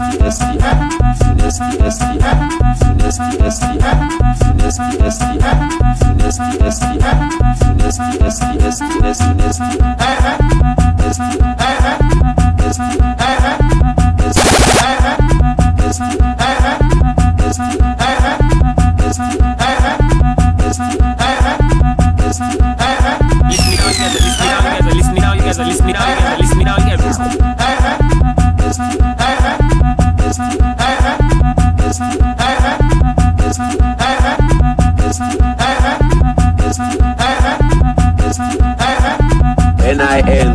Listen me now, you guys are listening now, you guys are listening now, you guys are listening now, you guys are listening now. N-I-N,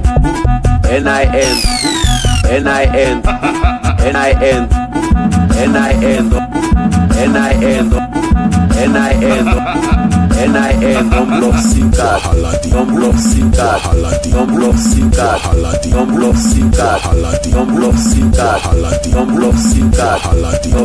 N-I-N, N-I-N, N-I-N, N-I-N, N-I-N, N-I-N, N-I-N, don't block SIM card, don't block SIM card, don't block SIM card, don't block SIM card, don't block SIM card, don't block SIM card,